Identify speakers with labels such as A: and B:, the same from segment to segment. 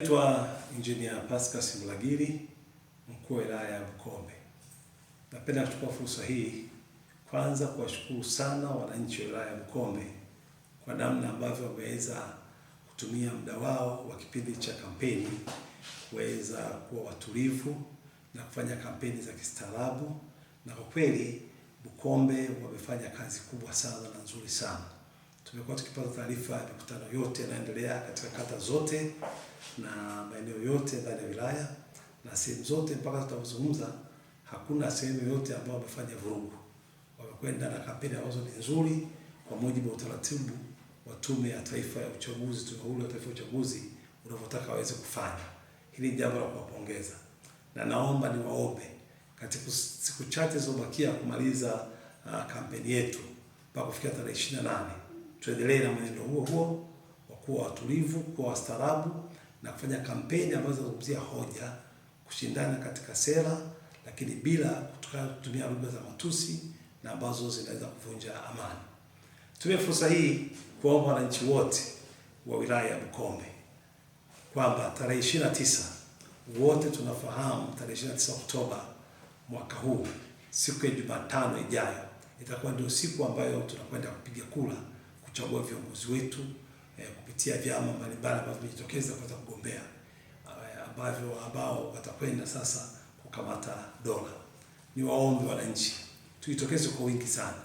A: Naitwa Injinia Pascal Simulagiri, mkuu wa wilaya ya Bukombe. Napenda kuchukua fursa hii kwanza kuwashukuru sana wananchi wa wilaya ya Bukombe kwa namna ambavyo wameweza kutumia muda wao wa kipindi cha kampeni kuweza kuwa watulivu na kufanya kampeni za kistaarabu, na kwa kweli Bukombe wamefanya kazi kubwa sana na nzuri sana. Tumekuwa tukipata taarifa ya mikutano yote yanayoendelea katika kata zote na maeneo yote ndani ya wilaya na sehemu zote, mpaka tutazungumza, hakuna sehemu yote ambayo wamefanya vurugu. Wamekwenda na kampeni ambazo ni nzuri kwa mujibu wa utaratibu wa Tume ya Taifa ya Uchaguzi, Tume Huru ya Taifa ya Uchaguzi unavyotaka waweze kufanya. Hili jambo la kuwapongeza, na naomba niwaombe katika siku chache zilizobakia kumaliza uh, kampeni yetu mpaka kufikia tarehe 28 tuendelee na mwenendo huo huo wa kuwa watulivu, kuwa wastaarabu na kufanya kampeni ambazo zinazungumzia hoja, kushindana katika sera, lakini bila kutumia lugha za matusi na ambazo zinaweza kuvunja amani. Tumie fursa hii kuomba wananchi wote wa wilaya ya Bukombe kwamba tarehe 29 wote tunafahamu tarehe 29 Oktoba mwaka huu, siku ya Jumatano ijayo itakuwa ndio siku ambayo tunakwenda kupiga kura kuchagua viongozi wetu eh, kupitia vyama mbalimbali ambavyo vimejitokeza kuweza kugombea eh, ambavyo ambao watakwenda sasa kukamata dola. Ni waombe wananchi tujitokeze kwa wingi sana.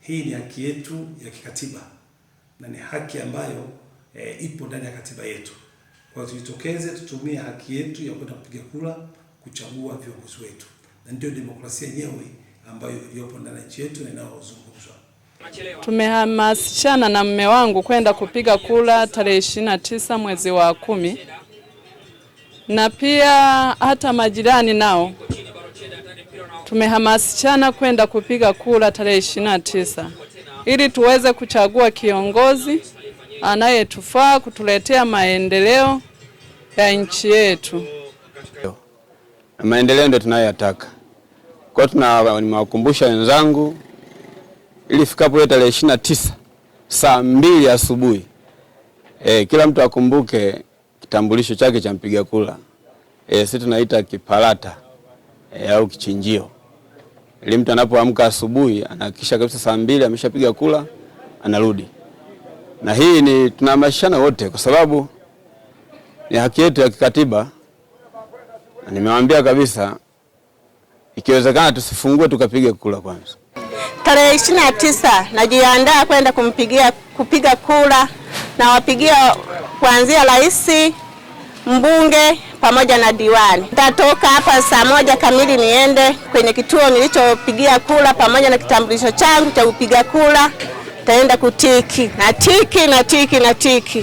A: Hii ni haki yetu ya kikatiba na ni haki ambayo eh, ipo ndani ya katiba yetu. Kwa tujitokeze, tutumie haki yetu ya kwenda kupiga kura kuchagua viongozi wetu, na ndio demokrasia yenyewe ambayo iliyopo ndani ya nchi yetu na inayozungumzwa.
B: Tumehamasishana na mme wangu kwenda kupiga kura tarehe ishirini na tisa mwezi wa kumi, na pia hata majirani nao tumehamasishana kwenda kupiga kura tarehe ishirini na tisa ili tuweze kuchagua kiongozi anayetufaa kutuletea maendeleo ya nchi yetu.
C: Maendeleo ndio tunayoyataka, kwa tunawakumbusha wenzangu ilifikapo hiyo tarehe ishirini na tisa saa mbili asubuhi e, kila mtu akumbuke kitambulisho chake cha mpiga kura e, sisi tunaita kipalata e, au kichinjio, ili mtu anapoamka asubuhi anahakikisha kabisa saa mbili ameshapiga kura anarudi. Na hii ni tunahamasishana wote, kwa sababu ni haki yetu ya kikatiba. Nimewaambia kabisa, ikiwezekana tusifungue tukapige kura kwanza
D: Tarehe ishirini na tisa najiandaa kwenda kumpigia kupiga kura, nawapigia kuanzia rais, mbunge pamoja na diwani. Nitatoka hapa saa moja kamili niende kwenye kituo nilichopigia kura pamoja na kitambulisho changu cha kupiga kura, taenda kutiki na tiki na tiki na tiki.